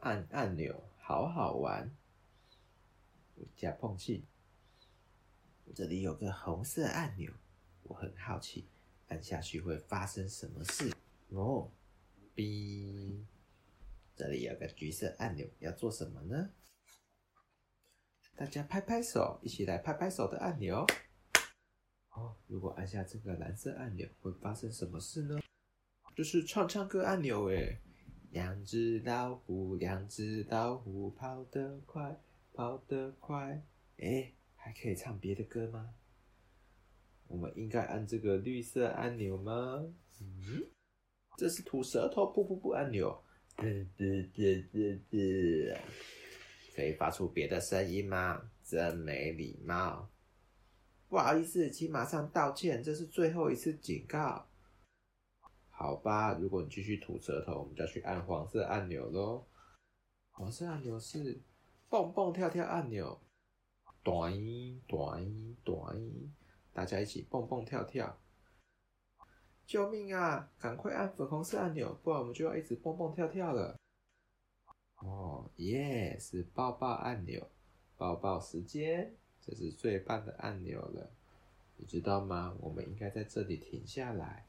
按按鈕，好好玩。有夾碰器，這裡有個紅色按鈕，我很好奇，按下去會發生什麼事？哦，嗶！這裡有個橘色按鈕，要做什麼呢？大家拍拍手，一起來拍拍手的按鈕。如果按下這個藍色按鈕會發生什麼事呢？就是唱唱歌按鈕誒，兩隻老虎，兩隻老虎，跑得快，跑得快。誒，還可以唱別的歌嗎？我們應該按這個綠色按鈕嗎？嗯，這是吐舌頭噗噗噗按鈕，可以發出別的聲音嗎？真沒禮貌。不好意思，請馬上道歉，這是最後一次警告。好吧，如果你繼續吐舌頭，我們就去按黃色按鈕咯。黃色按鈕是蹦蹦跳跳按鈕，短音短音短音，大家一起蹦蹦跳跳。救命啊！趕快按粉紅色按鈕，不然我們就要一直蹦蹦跳跳了。哦耶，是、yes，抱抱按鈕，抱抱時間。這是最棒的按鈕了，你知道嗎？我們應該在這裡停下來。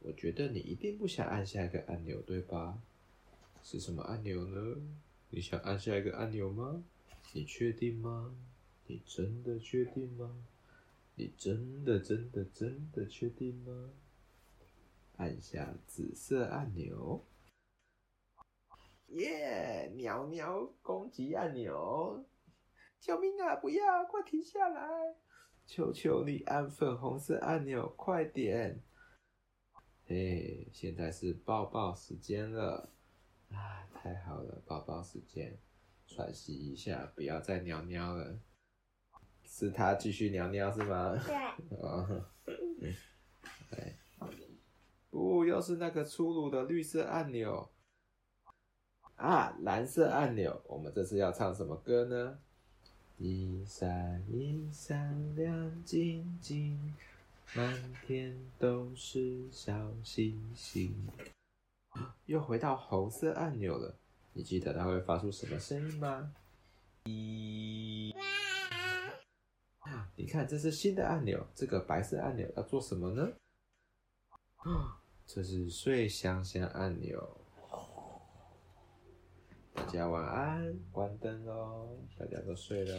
我覺得你一定不想按下一個按鈕，對吧？是什麼按鈕呢？你想按下一個按鈕嗎？你確定嗎？你真的確定嗎？你真的真的真的確定嗎？按下紫色按鈕。耶，鳥鳥攻擊按鈕。救命啊！不要，快停下來！求求你按粉紅色按鈕，快點！哎，現在是抱抱時間了啊！太好了，抱抱時間，喘息一下，不要再尿尿了。是他繼續尿尿是嗎？對。不，又是那個粗魯的綠色按鈕。啊，藍色按鈕，我們這次要唱什麼歌呢？一閃一閃亮晶晶，滿天都是小星星。又回到紅色按鈕了，你記得它會發出什麼聲音嗎？咦，你看，這是新的按鈕，這個白色按鈕要做什麼呢？這是睡香香按鈕。大家晚安，關燈嘍，大家都睡了。